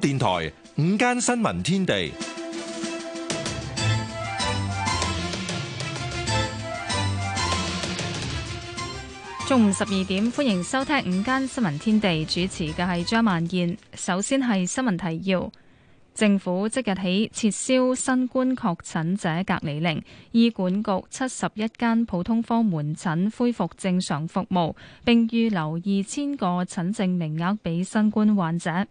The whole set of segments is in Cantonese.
電台午間新聞天地，中午十二點，歡迎收聽午間新聞天地。主持嘅係張曼燕。首先係新聞提要：政府即日起撤銷新冠確診者隔離令，醫管局七十一間普通科門診恢復正常服務，並預留二千個診症名額俾新冠患者。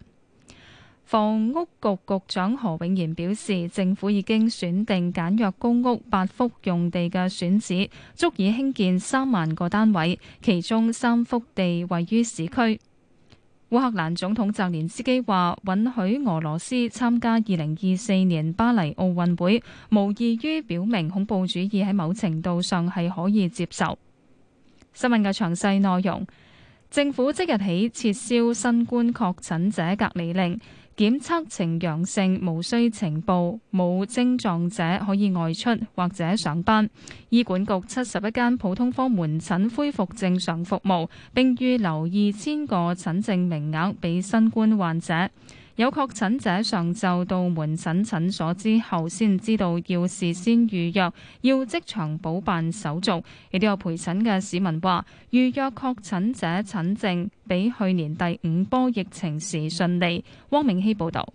房屋局局長何永賢表示，政府已經選定簡約公屋八幅用地嘅選址，足以興建三萬個單位，其中三幅地位於市區。烏克蘭總統澤連斯基話，允許俄羅斯參加二零二四年巴黎奧運會，無異於表明恐怖主義喺某程度上係可以接受。新聞嘅詳細內容，政府即日起撤銷新冠確診者隔離令。檢測呈陽性，無需呈報，冇症狀者可以外出或者上班。醫管局七十一間普通科門診恢復正常服務，並預留二千個診症名額俾新冠患者。有確診者上晝到門診診所之後，先知道要事先預約，要即場補辦手續。亦都有陪診嘅市民話，預約確診者診症比去年第五波疫情時順利。汪明熙報導。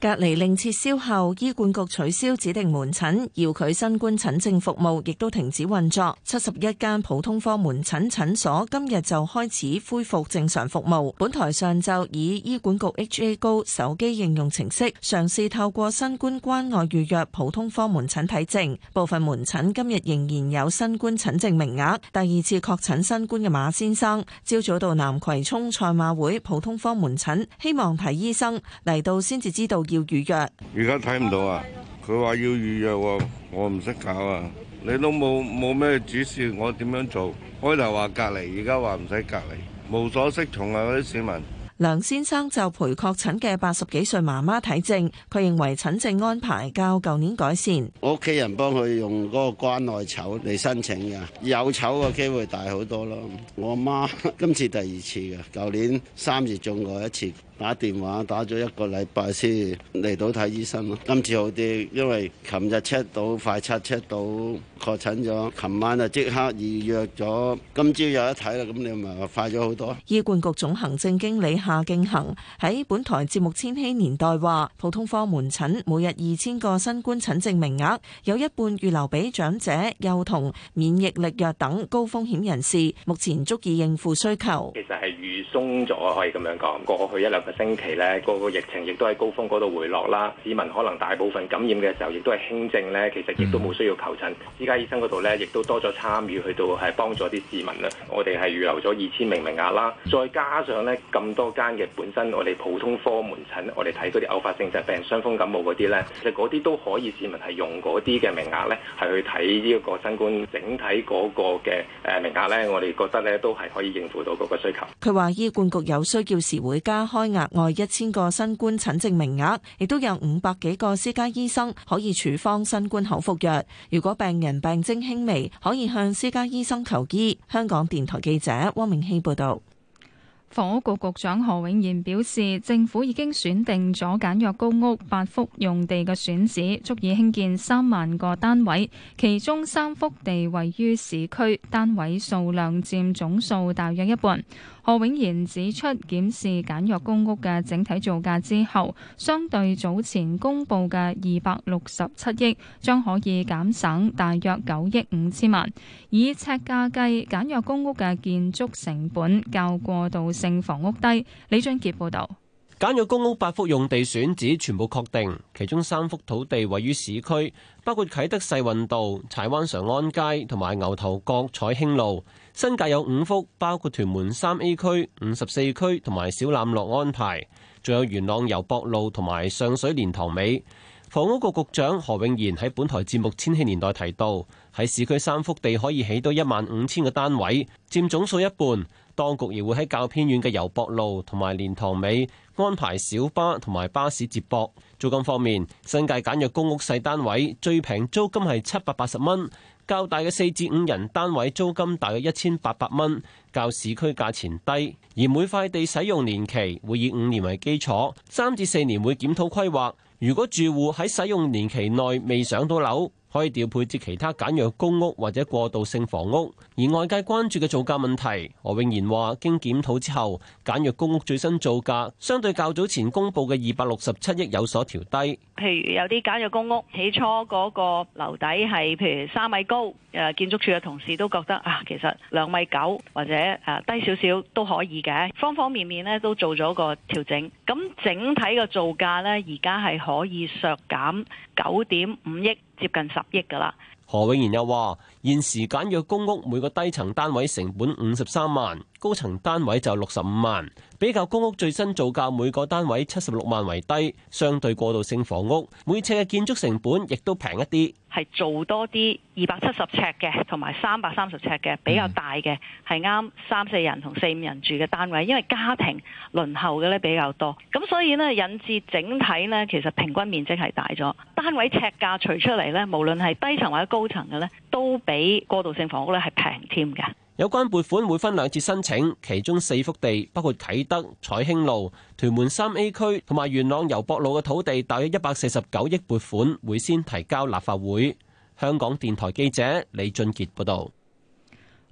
隔離令撤銷後，醫管局取消指定門診，遙距新冠診症服務亦都停止運作。七十一間普通科門診診所今日就開始恢復正常服務。本台上晝以醫管局 HA Go 手機應用程式嘗試透過新冠關愛預約普通科門診睇症，部分門診今日仍然有新冠診症名額。第二次確診新冠嘅馬先生，朝早到南葵涌賽馬會普通科門診，希望睇醫生，嚟到先至知道。要預約，而家睇唔到啊！佢話要預約，我唔識搞啊！你都冇冇咩指示，我點樣做？開頭話隔離，而家話唔使隔離，無所適從啊！嗰啲市民。梁先生就陪確診嘅八十幾歲媽媽睇症，佢認為診症安排較舊年改善。我屋企人幫佢用嗰個關愛籌嚟申請嘅，有籌嘅機會大好多咯。我阿媽今次第二次嘅，舊年三月中過一次。打電話打咗一個禮拜先嚟到睇醫生咯，今次好啲，因為琴日 check 到快測 check 到確診咗，琴晚就即刻預約咗，今朝有得睇啦。咁你咪快咗好多。醫管局總行政經理夏敬恒喺本台節目《千禧年代》話：普通科門診每日二千個新冠診症名額，有一半預留俾長者、幼童、免疫力弱等高風險人士，目前足以應付需求。其實係預鬆咗，可以咁樣講，過去一兩星期咧，個個疫情亦都喺高峰嗰度回落啦。市民可能大部分感染嘅時候，亦都係輕症咧，其實亦都冇需要求診。私家醫生嗰度咧，亦都多咗參與去到係幫助啲市民啦。我哋係預留咗二千名名額啦，再加上咧咁多間嘅本身我哋普通科門診，我哋睇嗰啲偶發性疾病、傷風感冒嗰啲咧，其實嗰啲都可以市民係用嗰啲嘅名額咧，係去睇呢一個新冠整體嗰個嘅誒名額咧，我哋覺得咧都係可以應付到嗰個需求。佢話醫管局有需要時會加開額額外一千個新冠診症名額，亦都有五百幾個私家醫生可以處方新冠口服藥。如果病人病徵輕微，可以向私家醫生求醫。香港電台記者汪明希報道。房屋局局長何永賢表示，政府已經選定咗簡約公屋八幅用地嘅選址，足以興建三萬個單位，其中三幅地位於市區，單位數量占總數大約一半。何永賢指出，檢視簡約公屋嘅整體造價之後，相對早前公布嘅二百六十七億，將可以減省大約九億五千萬。以尺價計，簡約公屋嘅建築成本較過渡性房屋低。李俊傑報導。簡約公屋八幅用地選址全部確定，其中三幅土地位於市區，包括啟德世運道、柴灣常安街同埋牛頭角彩興路。新界有五幅，包括屯門三 A 區、五十四區同埋小欖樂安排，仲有元朗油博路同埋上水蓮塘尾。房屋局局長何永賢喺本台節目《千禧年代》提到，喺市區三幅地可以起到一萬五千個單位，佔總數一半。當局亦會喺較偏遠嘅油博路同埋蓮塘尾。安排小巴同埋巴士接駁。租金方面，新界簡約公屋細單位最平租金係七百八十蚊，較大嘅四至五人單位租金大約一千八百蚊，較市區價錢低。而每塊地使用年期會以五年為基礎，三至四年會檢討規劃。如果住戶喺使用年期內未上到樓。可以調配至其他簡約公屋或者過渡性房屋，而外界關注嘅造價問題，何永賢話：經檢討之後，簡約公屋最新造價相對較早前公佈嘅二百六十七億有所調低。譬如有啲簡約公屋起初嗰個樓底係譬如三米高，誒建築署嘅同事都覺得啊，其實兩米九或者誒低少少都可以嘅，方方面面咧都做咗個調整。咁、嗯、整體嘅造價咧，而家係可以削減九點五億，接近十億㗎啦。何永賢又話。現時簡約公屋每個低層單位成本五十三萬，高層單位就六十五萬，比較公屋最新造價每個單位七十六萬為低，相對過渡性房屋每尺嘅建築成本亦都平一啲，係做多啲二百七十尺嘅同埋三百三十尺嘅比較大嘅係啱三四人同四五人住嘅單位，因為家庭輪候嘅咧比較多，咁所以呢，引致整體呢，其實平均面積係大咗，單位尺價除出嚟呢，無論係低層或者高層嘅呢，都，比過渡性房屋咧係平添噶，有關撥款會分兩次申請，其中四幅地包括啟德、彩興路、屯門三 A 區同埋元朗油博路嘅土地，大約一百四十九億撥款會先提交立法會。香港電台記者李俊杰報道。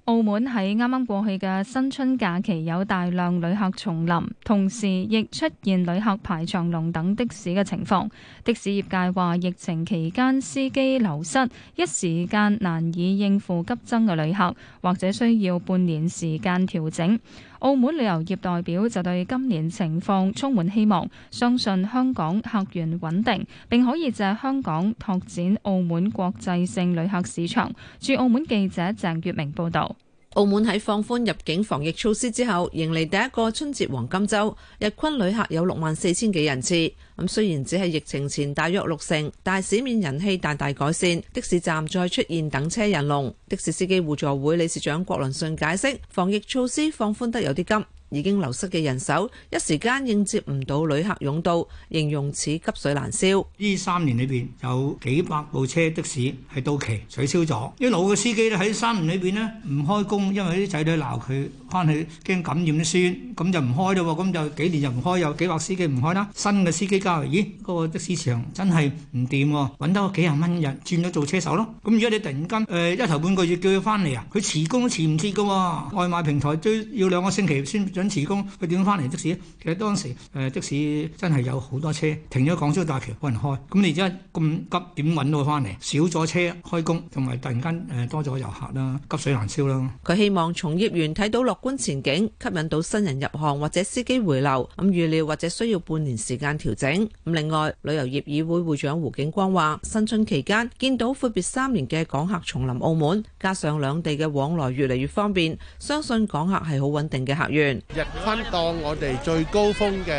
澳門喺啱啱過去嘅新春假期有大量旅客重臨，同時亦出現旅客排長龍等的士嘅情況。的士業界話，疫情期間司機流失，一時間難以應付急增嘅旅客，或者需要半年時間調整。澳門旅遊業代表就對今年情況充滿希望，相信香港客源穩定，並可以借香港拓展澳門國際性旅客市場。駐澳門記者鄭月明報道。澳門喺放寬入境防疫措施之後，迎嚟第一個春節黃金周，日均旅客有六萬四千幾人次。咁雖然只係疫情前大約六成，但市面人氣大大改善，的士站再出現等車人龍。的士司機互助會理事長郭倫信解釋，防疫措施放寬得有啲急。已經流失嘅人手，一時間應接唔到旅客擁到，形容似急水難消。呢三年裏邊有幾百部車的士係到期取消咗，啲老嘅司機咧喺三年裏邊咧唔開工，因為啲仔女鬧佢翻去，驚感染啲孫，咁就唔開啦喎，咁就幾年就唔開，有幾百司機唔開啦。新嘅司機加入，咦，嗰個的士場真係唔掂喎，揾得個幾廿蚊日，轉咗做車手咯。咁如果你突然間誒一頭半個月叫佢翻嚟啊，佢辭工都辭唔切㗎喎，外賣平台都要兩個星期先。揾辭工，佢點翻嚟？即使其實當時誒，即使真係有好多車停咗港珠澳大橋，冇人開，咁你而家咁急點揾到翻嚟？少咗車開工，同埋突然間誒多咗遊客啦，急水難消啦。佢希望從業員睇到樂觀前景，吸引到新人入行或者司機回流，咁預料，或者需要半年時間調整咁。另外，旅遊業議會會長胡景光話：新春期間見到闊別三年嘅港客重臨澳門，加上兩地嘅往來越嚟越方便，相信港客係好穩定嘅客源。日均當我哋最高峰嘅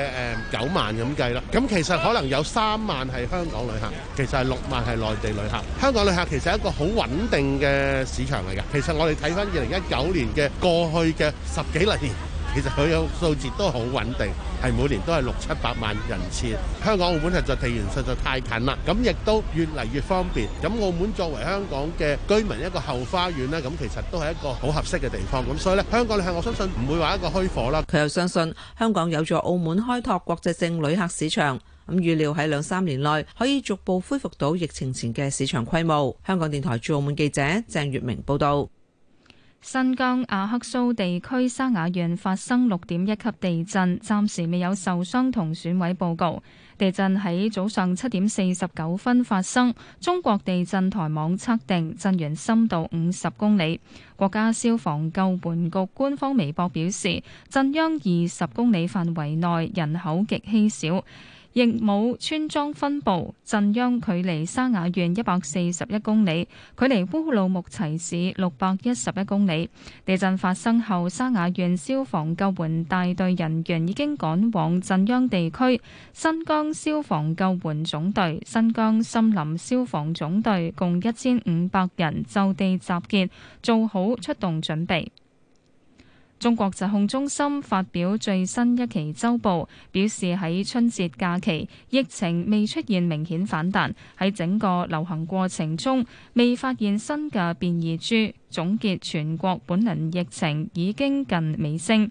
誒九萬咁計啦，咁其實可能有三萬係香港旅客，其實係六萬係內地旅客。香港旅客其實係一個好穩定嘅市場嚟㗎。其實我哋睇翻二零一九年嘅過去嘅十幾年。其實佢有數字都好穩定，係每年都係六七百萬人次。香港、澳門實在地緣實在太近啦，咁亦都越嚟越方便。咁澳門作為香港嘅居民一個後花園呢，咁其實都係一個好合適嘅地方。咁所以呢，香港你係我相信唔會話一個虛火啦。佢又相信香港有助澳門開拓國際性旅客市場。咁預料喺兩三年內可以逐步恢復到疫情前嘅市場規模。香港電台駐澳門記者鄭月明報導。新疆阿克蘇地區沙雅縣發生六點一級地震，暫時未有受傷同損毀報告。地震喺早上七點四十九分發生，中國地震台網測定震源深度五十公里。國家消防救援局官方微博表示，震央二十公里範圍內人口極稀少。亦冇村莊分佈，震央距離沙雅縣一百四十一公里，距離烏魯木齊市六百一十一公里。地震發生後，沙雅縣消防救援大隊人員已經趕往震央地區，新疆消防救援總隊、新疆森林消防總隊共一千五百人就地集結，做好出動準備。中國疾控中心發表最新一期周報，表示喺春節假期疫情未出現明顯反彈，喺整個流行過程中未發現新嘅變異株，總結全國本輪疫情已經近尾聲。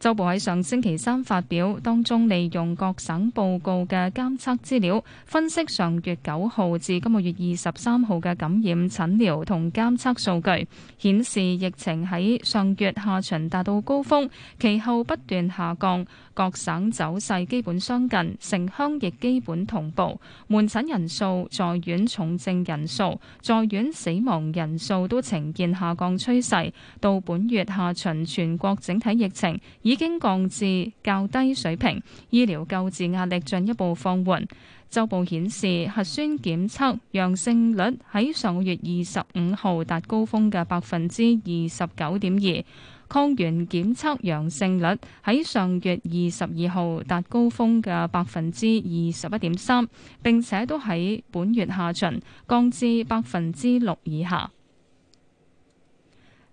周報喺上星期三發表，當中利用各省報告嘅監測資料，分析上月九號至今個月二十三號嘅感染診療同監測數據，顯示疫情喺上月下旬達到高峰，其後不斷下降。各省走勢基本相近，城鄉亦基本同步。門診人數、在院重症人數、在院死亡人數都呈現下降趨勢。到本月下旬，全國整體疫情已經降至較低水平，醫療救治壓力進一步放緩。周報顯示，核酸檢測陽性率喺上個月二十五號達高峰嘅百分之二十九點二。抗原檢測陽性率喺上月二十二號達高峰嘅百分之二十一點三，並且都喺本月下旬降至百分之六以下。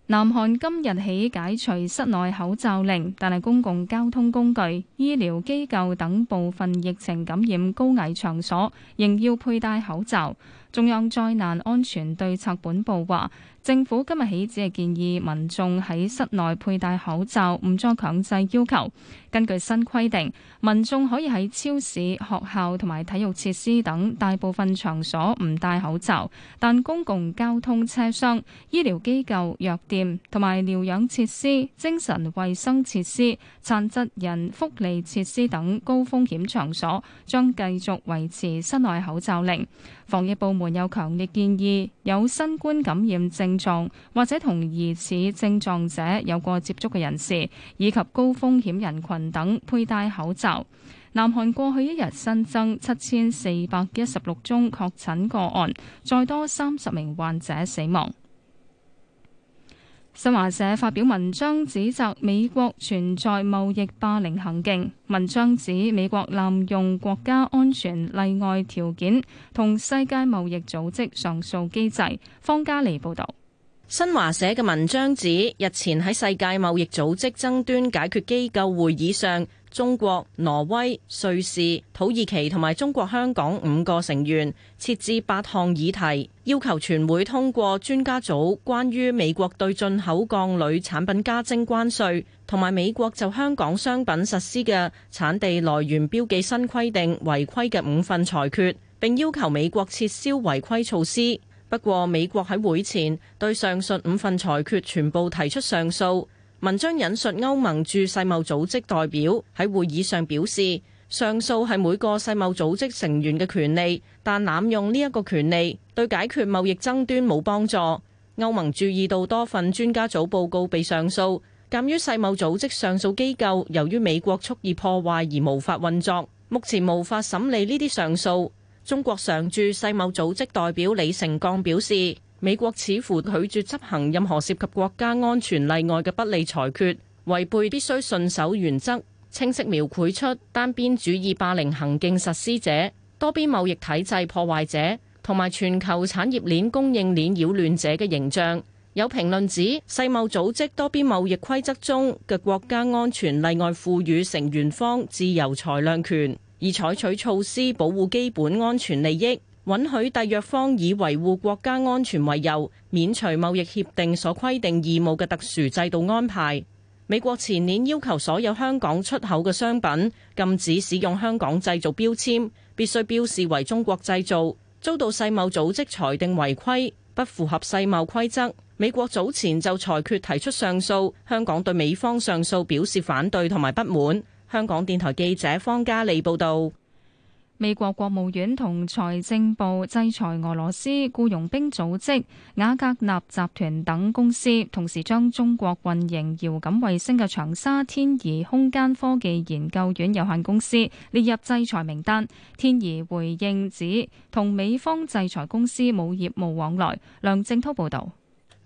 南韓今日起解除室內口罩令，但係公共交通工具、醫療機構等部分疫情感染高危場所仍要佩戴口罩。中央災難安全對策本部話。政府今日起只係建議民眾喺室內佩戴口罩，唔作強制要求。根據新規定，民眾可以喺超市、學校同埋體育設施等大部分場所唔戴口罩，但公共交通車廂、醫療機構、藥店同埋療養設施、精神衛生設施、殘疾人福利設施等高風險場所將繼續維持室內口罩令。防疫部門又強烈建議有新冠感染症狀或者同疑似症狀者有過接觸嘅人士，以及高風險人群等，佩戴口罩。南韓過去一日新增七千四百一十六宗確診個案，再多三十名患者死亡。新華社發表文章指責美國存在貿易霸凌行徑，文章指美國濫用國家安全例外條件，同世界貿易組織上訴機制。方家莉報道。新華社嘅文章指，日前喺世界貿易組織爭端，爭端解決機構會議上，中國、挪威、瑞士、土耳其同埋中國香港五個成員設置八項議題，要求全會通過專家組關於美國對進口鋼鋁產品加徵關稅同埋美國就香港商品實施嘅產地來源標記新規定違規嘅五份裁決，並要求美國撤銷違規措施。不過，美國喺會前對上述五份裁決全部提出上訴。文章引述歐盟駐世貿組織代表喺會議上表示：上訴係每個世貿組織成員嘅權利，但濫用呢一個權利對解決貿易爭端冇幫助。歐盟注意到多份專家組報告被上訴，鑑於世貿組織上訴機構由於美國蓄意破壞而無法運作，目前無法審理呢啲上訴。中國常駐世貿組織代表李成鋼表示，美國似乎拒絕執行任何涉及國家安全例外嘅不利裁決，違背必須信守原則，清晰描繪出單邊主義霸凌行徑實施者、多邊貿易體制破壞者同埋全球產業鏈供應鏈擾亂者嘅形象。有評論指，世貿組織多邊貿易規則中嘅國家安全例外賦予成員方自由裁量權。以採取措施保護基本安全利益，允許締約方以維護國家安全為由，免除貿易協定所規定義務嘅特殊制度安排。美國前年要求所有香港出口嘅商品禁止使用香港製造標籤，必須標示為中國製造，遭到世貿組織裁定違規，不符合世貿規則。美國早前就裁決提出上訴，香港對美方上訴表示反對同埋不滿。香港電台記者方嘉莉報道，美國國務院同財政部制裁俄羅斯僱傭兵組織雅格納集團等公司，同時將中國運營遙感衛星嘅長沙天儀空間科技研究院有限公司列入制裁名單。天儀回應指，同美方制裁公司冇業務往來。梁正濤報道。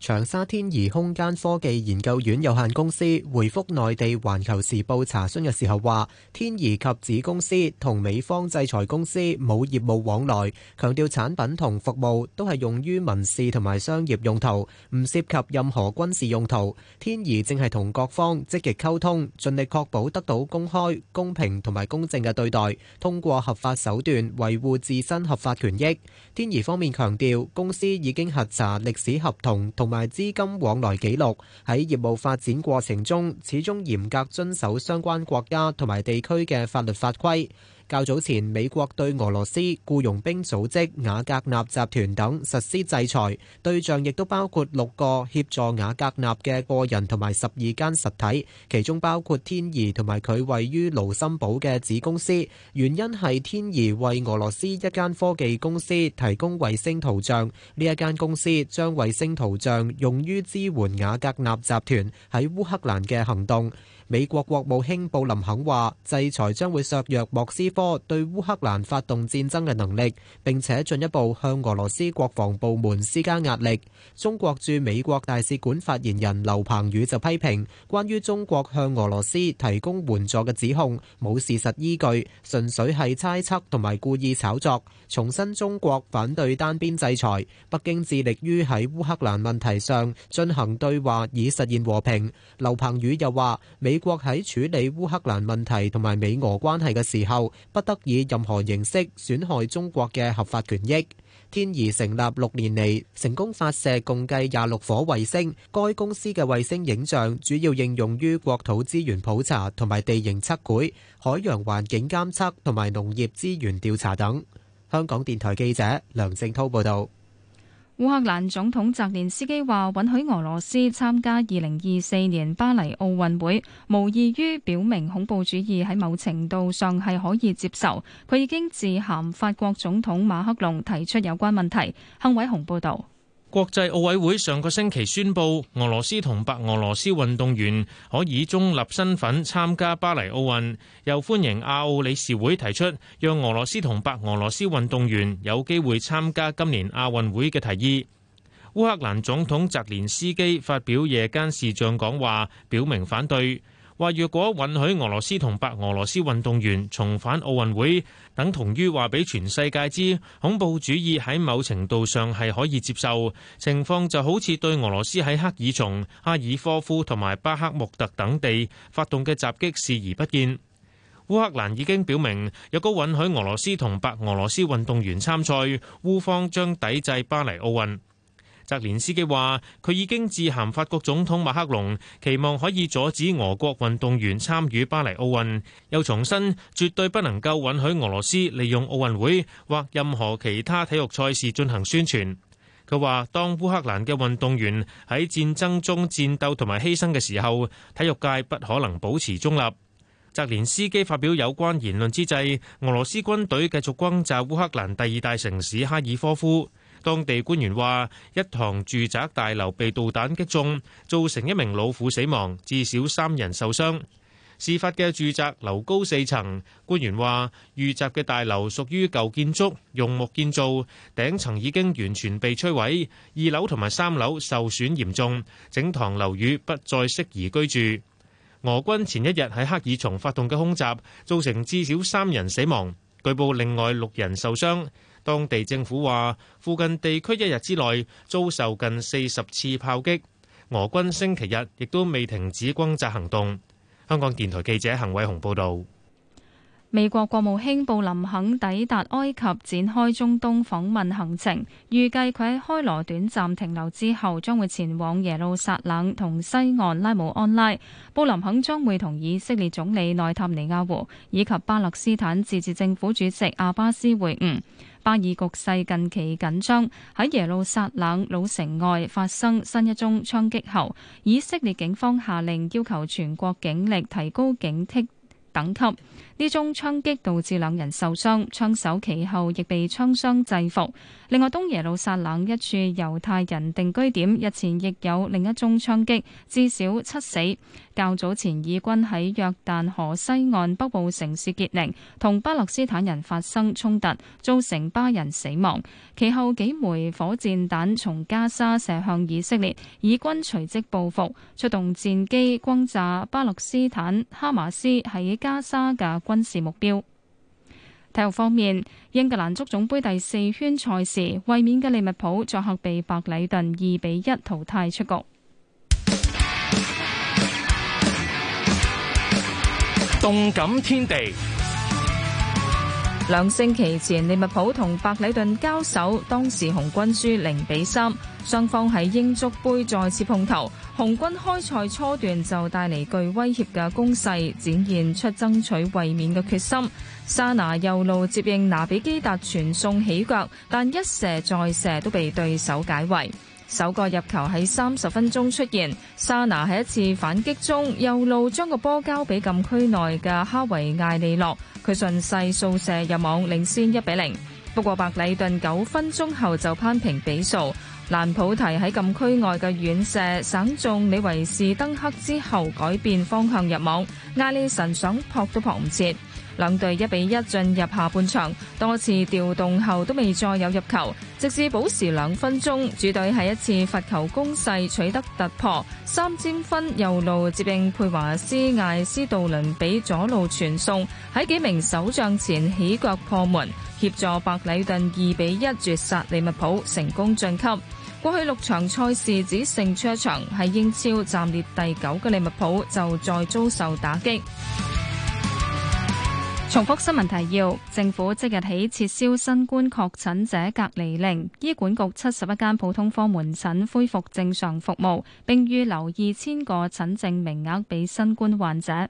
長沙天儀空間科技研究院有限公司回覆內地環球時報查詢嘅時候話，天儀及子公司同美方制裁公司冇業務往來，強調產品同服務都係用於民事同埋商業用途，唔涉及任何軍事用途。天儀正係同各方積極溝通，盡力確保得到公開、公平同埋公正嘅對待，通過合法手段維護自身合法權益。天儀方面強調，公司已經核查歷史合同同同埋資金往來記錄，喺業務發展過程中，始終嚴格遵守相關國家同埋地區嘅法律法規。較早前，美國對俄羅斯僱傭兵組織瓦格納集團等實施制裁，對象亦都包括六個協助瓦格納嘅個人同埋十二間實體，其中包括天儀同埋佢位於盧森堡嘅子公司。原因係天儀為俄羅斯一間科技公司提供衛星圖像，呢一間公司將衛星圖像用於支援瓦格納集團喺烏克蘭嘅行動。美國國務卿布林肯話,制裁將會削弱莫斯科對烏克蘭發動戰爭嘅能力,並且進一步向俄羅斯國防部門施加壓力。中國駐美國大使館發言人劉鵬宇就批評關於中國向俄羅斯提供援助嘅指控冇事實依據,純粹係猜測同埋故意炒作,重申中國反對單邊制裁,北京致力於喺烏克蘭問題上進行對話以實現和平。劉鵬宇又話國喺處理烏克蘭問題同埋美俄關係嘅時候，不得以任何形式損害中國嘅合法權益。天儀成立六年嚟，成功發射共計廿六顆衛星。該公司嘅衛星影像主要應用於國土資源普查同埋地形測繪、海洋環境監測同埋農業資源調查等。香港電台記者梁正濤報道。烏克蘭總統澤連斯基話，允許俄羅斯參加二零二四年巴黎奧運會，無異於表明恐怖主義喺某程度上係可以接受。佢已經致函法國總統馬克龍，提出有關問題。向偉雄報道。國際奧委會上個星期宣布，俄羅斯同白俄羅斯運動員可以中立身份參加巴黎奧運，又歡迎亞奧理事會提出讓俄羅斯同白俄羅斯運動員有機會參加今年亞運會嘅提議。烏克蘭總統澤連斯基發表夜間視像講話，表明反對。話若果允許俄羅斯同白俄羅斯運動員重返奧運會，等同於話俾全世界知恐怖主義喺某程度上係可以接受。情況就好似對俄羅斯喺克爾松、哈爾科夫同埋巴克穆特等地發動嘅襲擊視而不見。烏克蘭已經表明，若果允許俄羅斯同白俄羅斯運動員參賽，烏方將抵制巴黎奧運。澤連斯基話，佢已經致函法國總統馬克龍，期望可以阻止俄國運動員參與巴黎奧運。又重申絕對不能夠允許俄羅斯利用奧運會或任何其他體育賽事進行宣傳。佢話，當烏克蘭嘅運動員喺戰爭中戰鬥同埋犧牲嘅時候，體育界不可能保持中立。澤連斯基發表有關言論之際，俄羅斯軍隊繼續轟炸烏克蘭第二大城市哈爾科夫。當地官員話：一棟住宅大樓被導彈擊中，造成一名老婦死亡，至少三人受傷。事發嘅住宅樓高四層。官員話：遇襲嘅大樓屬於舊建築，用木建造，頂層已經完全被摧毀，二樓同埋三樓受損嚴重，整棟樓宇不再適宜居住。俄軍前一日喺黑爾松發動嘅空襲，造成至少三人死亡，據報另外六人受傷。當地政府話，附近地區一日之內遭受近四十次炮擊。俄軍星期日亦都未停止轟炸行動。香港電台記者行偉雄報導。美國國務卿布林肯抵達埃及，展開中東訪問行程。預計佢喺開羅短暫停留之後，將會前往耶路撒冷同西岸拉姆安拉。布林肯將會同以色列總理內塔尼亞胡以及巴勒斯坦自治政府主席阿巴斯會晤。巴以局勢近期緊張，喺耶路撒冷老城外發生新一宗槍擊後，以色列警方下令要求全國警力提高警惕等級。呢宗槍擊導致兩人受傷，槍手其後亦被槍傷制服。另外，東耶路撒冷一處猶太人定居點日前亦有另一宗槍擊，至少七死。較早前，以軍喺約旦河西岸北部城市傑寧同巴勒斯坦人發生衝突，造成巴人死亡。其後幾枚火箭彈從加沙射向以色列，以軍隨即報復，出動戰機轟炸巴勒斯坦哈馬斯喺加沙嘅軍事目標。體育方面，英格蘭足總杯第四圈賽事，衛冕嘅利物浦作客被白禮頓二比一淘汰出局。動感天地。兩星期前利物浦同白禮頓交手，當時紅軍輸零比三。雙方喺英足杯再次碰頭，紅軍開賽初段就帶嚟具威脅嘅攻勢，展現出爭取衛冕嘅決心。沙拿右路接應，拿比基達傳送起腳，但一射再射都被對手解圍。首個入球喺三十分鐘出現，沙拿喺一次反擊中右路將個波交俾禁區內嘅哈維·艾利諾，佢順勢掃射入網，領先一比零。不過白里頓九分鐘後就扳平比數，蘭普提喺禁區外嘅遠射，省中李維士登克之後改變方向入網，艾利神想撲都撲唔切。兩隊一比一進入下半場，多次調動後都未再有入球，直至補時兩分鐘，主隊喺一次罰球攻勢取得突破。三千分右路接應佩華斯艾斯杜倫比左路傳送，喺幾名守將，前起腳破門，協助白禮頓二比一絕殺利物浦，成功晉級。過去六場賽事只勝一場，喺英超暫列第九嘅利物浦就再遭受打擊。重複新聞提要：政府即日起撤銷新冠確診者隔離令，醫管局七十一間普通科門診恢復正常服務，並預留二千個診症名額俾新冠患者。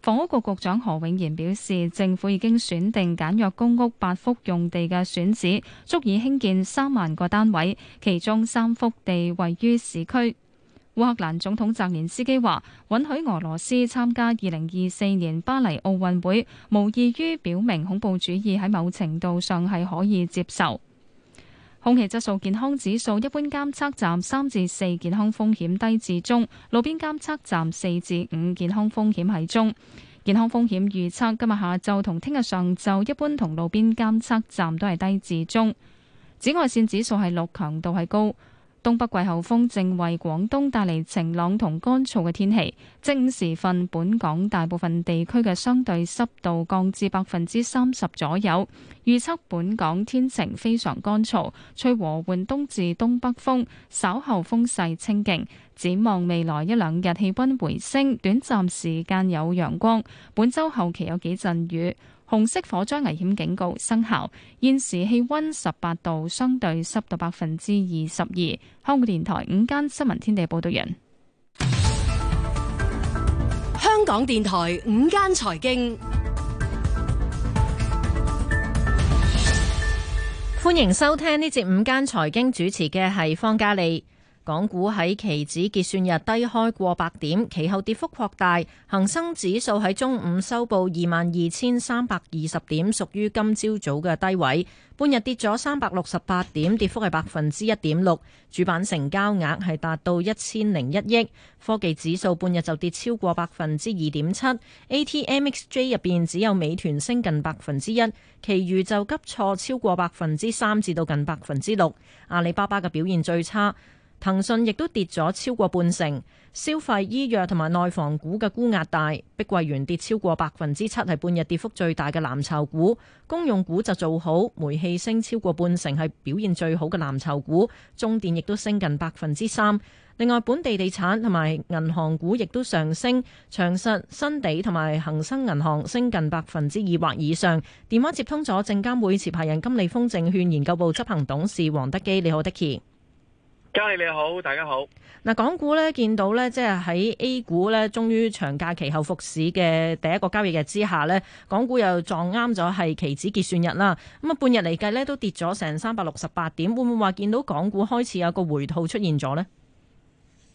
房屋局局長何永賢表示，政府已經選定簡約公屋八幅用地嘅選址，足以興建三萬個單位，其中三幅地位於市區。烏克蘭總統澤連斯基話：允許俄羅斯參加二零二四年巴黎奧運會，無異於表明恐怖主義喺某程度上係可以接受。空氣質素健康指數一般監測站三至四健康風險低至中，路邊監測站四至五健康風險係中。健康風險預測今日下晝同聽日上晝一般同路邊監測站都係低至中。紫外線指數係六，強度係高。東北季候風正為廣東帶嚟晴朗同乾燥嘅天氣。正午時分，本港大部分地區嘅相對濕度降至百分之三十左右。預測本港天晴非常乾燥，吹和緩東至東北風，稍後風勢清勁。展望未來一兩日氣溫回升，短暫時間有陽光。本周後期有幾陣雨。紅色火災危險警告生效。現時氣溫十八度，相對濕度百分之二十二。香港電台午間新聞天地報道人。香港電台午間財經，歡迎收聽呢節午間財經主持嘅係方嘉利。港股喺期指結算日低開過百點，其後跌幅擴大。恒生指數喺中午收報二萬二千三百二十點，屬於今朝早嘅低位。半日跌咗三百六十八點，跌幅係百分之一點六。主板成交額係達到一千零一億。科技指數半日就跌超過百分之二點七。A T M X J 入邊只有美團升近百分之一，其餘就急挫超過百分之三至到近百分之六。阿里巴巴嘅表現最差。騰訊亦都跌咗超過半成，消費醫藥同埋內房股嘅沽壓大，碧桂園跌超過百分之七，係半日跌幅最大嘅藍籌股。公用股就做好，煤氣升超過半成，係表現最好嘅藍籌股。中電亦都升近百分之三。另外，本地地產同埋銀行股亦都上升，長實、新地同埋恒生銀行升近百分之二或以上。電話接通咗證監會持牌人金利豐證券研究部執行董事黃德基，你好，德基。嘉麗你好，大家好。嗱，港股咧，見到咧，即係喺 A 股咧，終於長假期後復市嘅第一個交易日之下咧，港股又撞啱咗係期指結算日啦。咁啊，半日嚟計咧，都跌咗成三百六十八點，會唔會話見到港股開始有個回吐出現咗呢？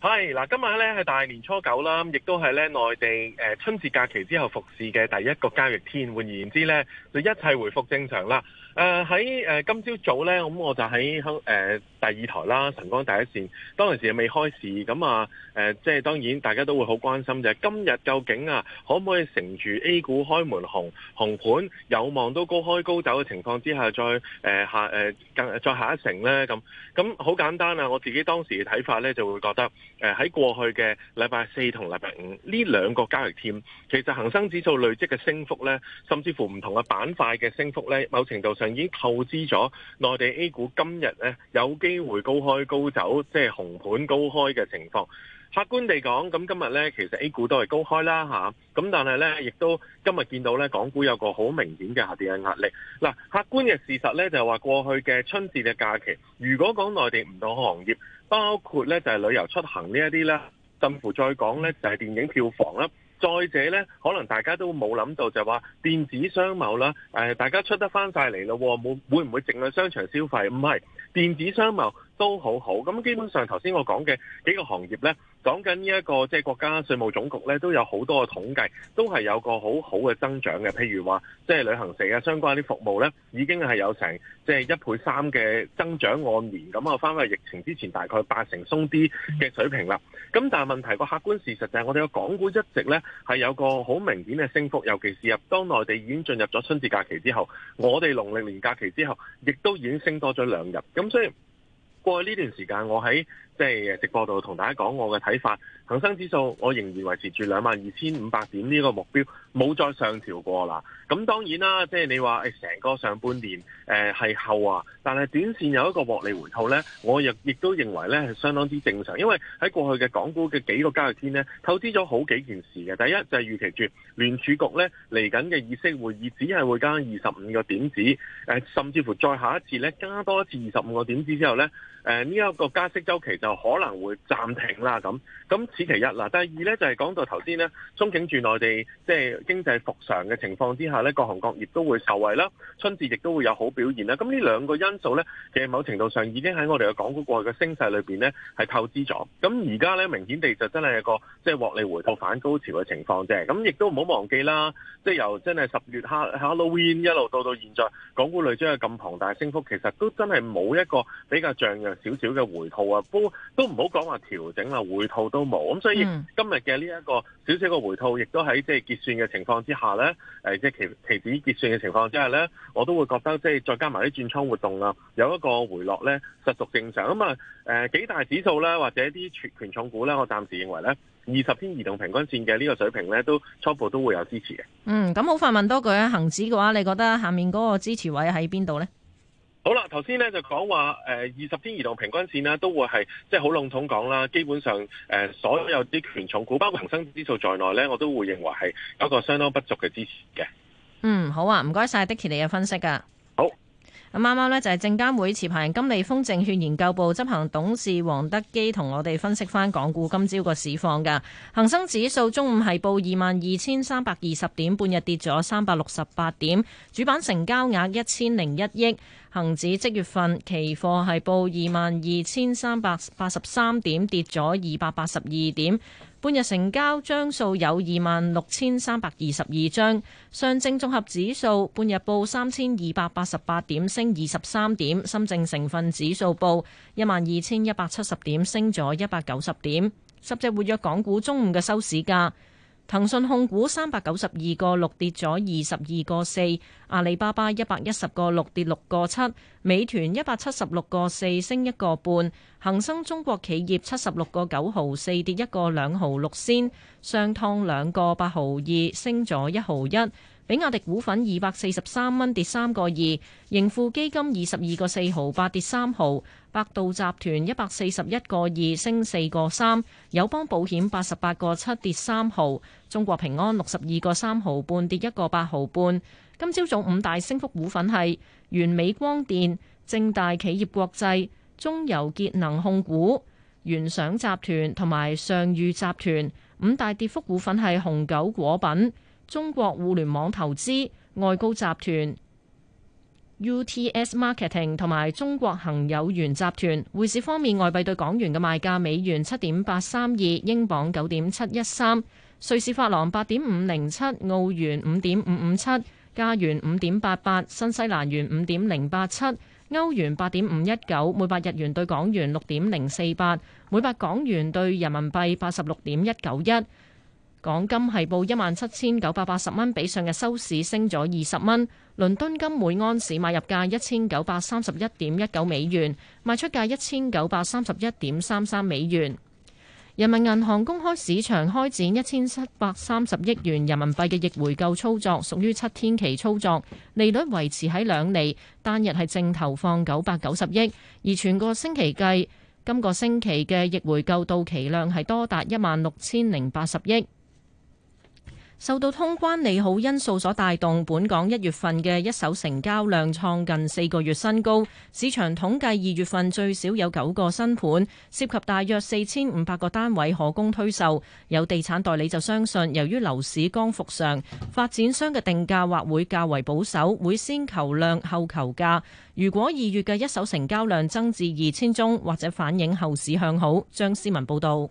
係嗱，今晚咧係大年初九啦，亦都係咧內地誒春節假期之後復市嘅第一個交易天。換言之咧，就一切回復正常啦。誒、呃，喺誒今朝早咧，咁我就喺誒。呃第二台啦，晨光第一線，當陣時未開市，咁啊，誒，即係當然大家都會好關心就係今日究竟啊，可唔可以乘住 A 股開門紅紅盤，有望都高開高走嘅情況之下，再誒、呃、下誒、呃、更再下一城呢？咁咁好簡單啊！我自己當時嘅睇法呢，就會覺得誒、呃、喺過去嘅禮拜四同禮拜五呢兩個交易天，其實恒生指數累積嘅升幅呢，甚至乎唔同嘅板塊嘅升幅呢，某程度上已經透支咗內地 A 股今日呢，有機機會高開高走，即係紅盤高開嘅情況。客觀地講，咁今日呢，其實 A 股都係高開啦，吓、啊。咁但係呢，亦都今日見到呢，港股有個好明顯嘅下跌嘅壓力。嗱、啊，客觀嘅事實呢，就係話過去嘅春節嘅假期，如果講內地唔同行業，包括呢就係、是、旅遊出行呢一啲呢，甚至乎再講呢，就係、是、電影票房啦。再者呢，可能大家都冇諗到就係話電子商貿啦，誒、呃，大家出得翻晒嚟咯，冇會唔會淨係商場消費？唔係。電子商貿。都好好咁，基本上頭先我講嘅幾個行業咧，講緊呢一個即係國家稅務總局咧，都有好多嘅統計，都係有個好好嘅增長嘅。譬如話，即係旅行社啊，相關啲服務咧，已經係有成即係一倍三嘅增長按年咁啊，翻去疫情之前大概八成鬆啲嘅水平啦。咁但係問題，個客觀事實就係、是、我哋嘅港股一直咧係有個好明顯嘅升幅，尤其是入當內地已經進入咗春節假期之後，我哋農曆年假期之後亦都已經升多咗兩日咁，所以。過去呢段時間，我喺即係直播度同大家講我嘅睇法，恒生指數我仍然維持住兩萬二千五百點呢個目標，冇再上調過啦。咁當然啦，即係你話成、哎、個上半年誒係、呃、後啊，但係短線有一個獲利回吐呢，我亦亦都認為呢係相當之正常，因為喺過去嘅港股嘅幾個交易天呢，透支咗好幾件事嘅。第一就係、是、預期住聯儲局呢嚟緊嘅議息會議只係會加二十五個點子，誒、呃、甚至乎再下一次呢，加多一次二十五個點子之後呢，誒呢一個加息周期就可能會暫停啦，咁咁此其一啦。第二咧就係、是、講到頭先咧，憧憬住內地即係、就是、經濟復常嘅情況之下咧，各行各業都會受惠啦，春節亦都會有好表現啦。咁呢兩個因素咧，其實某程度上已經喺我哋嘅港股過去嘅升勢裏邊咧係透支咗。咁而家咧明顯地就真係一個即係、就是、獲利回吐反高潮嘅情況啫。咁亦都唔好忘記啦，即、就、係、是、由真係十月黑 Halloween 一路到到現在，港股裏邊嘅咁龐大升幅，其實都真係冇一個比較像樣少少嘅回吐啊！都唔好講話調整啊，回吐都冇，咁所以、嗯、今日嘅呢一個少少個回吐，亦都喺即係結算嘅情況之下咧，誒、呃，即係期期指結算嘅情況之下咧，我都會覺得即係再加埋啲轉倉活動啊，有一個回落咧，實屬正常。咁、嗯、啊，誒、呃，幾大指數咧，或者啲全,全,權重股咧，我暫時認為咧，二十天移動平均線嘅呢個水平咧，都初步都會有支持嘅。嗯，咁好快問多句啊，恒指嘅話，你覺得下面嗰個支持位喺邊度咧？好啦，頭先咧就講話，誒、呃，二十天移動平均線啦，都會係即係好籠統講啦。基本上，誒、呃，所有啲權重股包括恒生指數在內咧，我都會認為係有一個相當不俗嘅支持嘅。嗯，好啊，唔該晒，Dicky 你嘅分析噶、啊。咁啱啱呢就係證監會持牌人金利豐證券研究部執行董事黃德基同我哋分析翻港股今朝個市況嘅。恒生指數中午係報二萬二千三百二十點，半日跌咗三百六十八點，主板成交額一千零一億。恒指即月份期貨係報二萬二千三百八十三點，跌咗二百八十二點。半日成交張數有二萬六千三百二十二張，上證綜合指數半日報三千二百八十八點，升二十三點；深證成分指數報一萬二千一百七十點，升咗一百九十點。十隻活躍港股中午嘅收市價。騰訊控股三百九十二個六跌咗二十二個四，阿里巴巴一百一十個六跌六個七，美團一百七十六個四升一個半，恒生中國企業七十六個九毫四跌一個兩毫六仙，上趟兩個八毫二升咗一毫一。比亞迪股份二百四十三蚊跌三個二，盈富基金二十二個四毫八跌三毫，百度集團一百四十一個二升四個三，友邦保險八十八個七跌三毫，中國平安六十二個三毫半跌一個八毫半。今朝早五大升幅股份係完美光電、正大企業國際、中油節能控股、元想集團同埋尚譽集團。五大跌幅股份係紅九果品、中國互聯網投資、外高集團、UTS Marketing 同埋中國恒有源集團。匯市方面，外幣對港元嘅賣價：美元七點八三二，英鎊九點七一三，瑞士法郎八點五零七，澳元五點五五七，加元五點八八，新西蘭元五點零八七，歐元八點五一九，每百日元對港元六點零四八，每百港元對人民幣八十六點一九一。港金係報一萬七千九百八十蚊，比上日收市升咗二十蚊。倫敦金每安士買入價一千九百三十一點一九美元，賣出價一千九百三十一點三三美元。人民銀行公開市場開展一千七百三十億元人民幣嘅逆回購操作，屬於七天期操作，利率維持喺兩厘，單日係淨投放九百九十億，而全個星期計，今個星期嘅逆回購到期量係多達一萬六千零八十億。受到通關利好因素所帶動，本港一月份嘅一手成交量創近四個月新高。市場統計二月份最少有九個新盤，涉及大約四千五百個單位可供推售。有地產代理就相信，由於樓市剛復上，發展商嘅定價或會較為保守，會先求量後求價。如果二月嘅一手成交量增至二千宗，或者反映後市向好，張思文報導。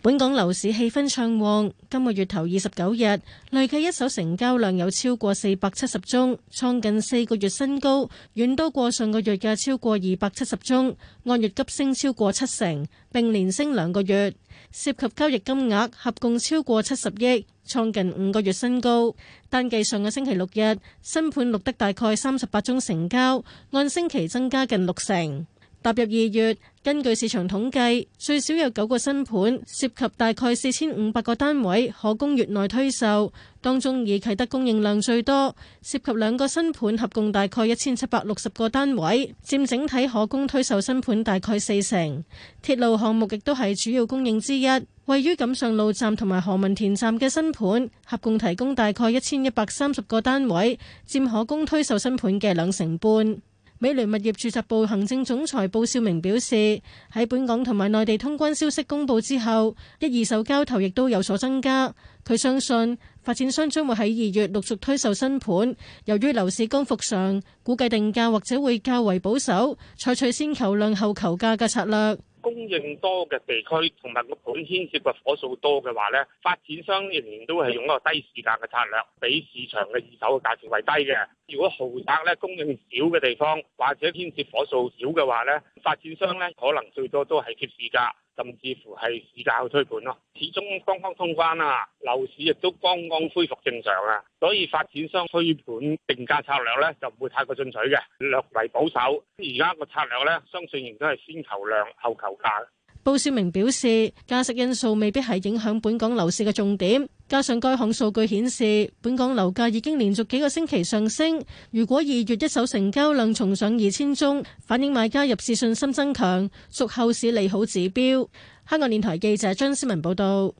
本港樓市氣氛暢旺，今個月頭二十九日，累計一手成交量有超過四百七十宗，創近四個月新高，遠多過上個月嘅超過二百七十宗，按月急升超過七成，並連升兩個月，涉及交易金額合共超過七十億，創近五個月新高。單計上個星期六日，新盤錄得大概三十八宗成交，按星期增加近六成。踏入二月，根據市場統計，最少有九個新盤涉及，大概四千五百個單位可供月內推售。當中以啟德供應量最多，涉及兩個新盤合共大概一千七百六十個單位，佔整體可供推售新盤大概四成。鐵路項目亦都係主要供應之一，位於錦上路站同埋何文田站嘅新盤合共提供大概一千一百三十個單位，佔可供推售新盤嘅兩成半。美聯物業住宅部行政總裁布少明表示，喺本港同埋內地通關消息公布之後，一二手交投亦都有所增加。佢相信，發展商將會喺二月陸續推售新盤。由於樓市剛復常，估計定價或者會較為保守，採取先求量後求價嘅策略。供應多嘅地區同埋個盤牽涉嘅火數多嘅話咧，發展商仍然都係用一個低市價嘅策略，比市場嘅二手嘅價錢為低嘅。如果豪宅咧供應少嘅地方，或者牽涉火數少嘅話咧，發展商咧可能最多都係貼市價。甚至乎係市價去推盤咯，始終剛剛通關啦，樓市亦都剛剛恢復正常啊，所以發展商推盤定價策略咧就唔會太過進取嘅，略為保守。而家個策略咧，相信仍然都係先求量後求價。高少明表示，加息因素未必係影響本港樓市嘅重點，加上該項數據顯示，本港樓價已經連續幾個星期上升。如果二月一手成交量重上二千宗，反映買家入市信心增強，屬後市利好指標。香港電台記者張思文報道。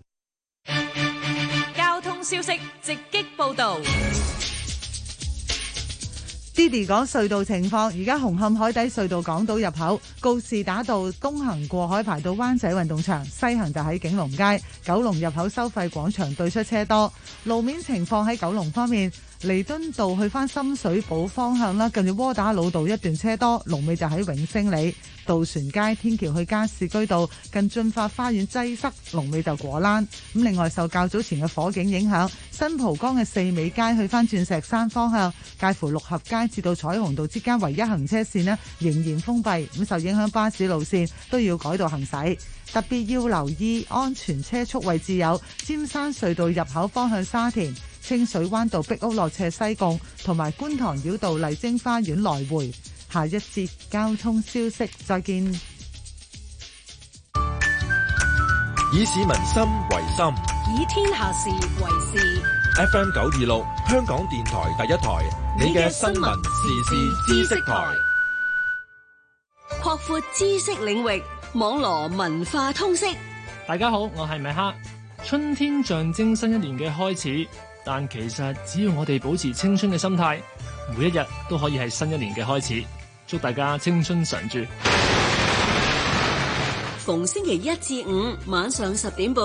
交通消息直擊報道。睇睇講隧道情況，而家紅磡海底隧道港島入口告士打道東行過海排到灣仔運動場，西行就喺景隆街，九龍入口收費廣場對出車多。路面情況喺九龍方面，彌敦道去翻深水埗方向啦，近住窩打老道一段車多，龍尾就喺永星里、渡船街天橋去加士居道，近駿發花園擠塞，龍尾就果欄。咁另外受較早前嘅火警影響，新蒲崗嘅四美街去翻鑽石山方向，介乎六合街至到彩虹道之間唯一行車線呢，仍然封閉，咁受影響巴士路線都要改道行駛。特別要留意安全車速位置有尖山隧道入口方向沙田。清水灣道壁屋落斜、西貢同埋觀塘繞道麗晶花園，來回。下一節交通消息再見。以市民心為心，以天下事為事。F M 九二六香港電台第一台，你嘅新聞時事知識台，擴闊知識領域，網羅文化通識。大家好，我係米哈。春天象徵新一年嘅開始。但其實只要我哋保持青春嘅心態，每一日都可以係新一年嘅開始。祝大家青春常駐！逢星期一至五晚上十點半，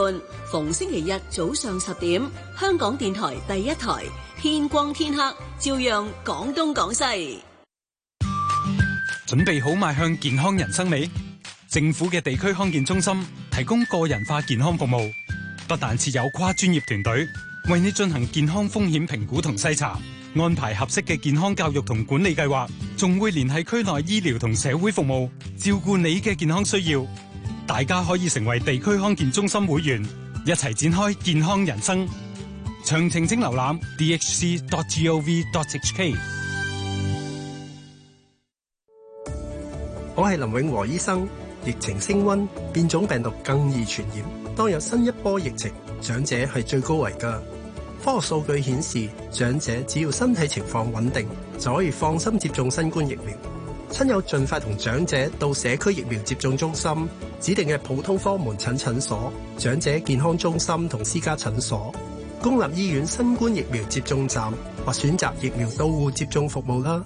逢星期日早上十點，香港電台第一台，天光天黑，照樣講東講西。準備好邁向健康人生未？政府嘅地區康健中心提供個人化健康服務，不但設有跨專業團隊。為你進行健康風險評估同篩查，安排合適嘅健康教育同管理計劃，仲會聯繫區內醫療同社會服務，照顧你嘅健康需要。大家可以成為地區康健中心會員，一齊展開健康人生。詳情請瀏覽 dhc.gov.hk。我係林永和醫生。疫情升温，變種病毒更易傳染。當有新一波疫情。長者係最高危噶。科學數據顯示，長者只要身體情況穩定，就可以放心接種新冠疫苗。親友盡快同長者到社區疫苗接種中心、指定嘅普通科門診診所、長者健康中心同私家診所、公立醫院新冠疫苗接種站或選擇疫苗到戶接種服務啦。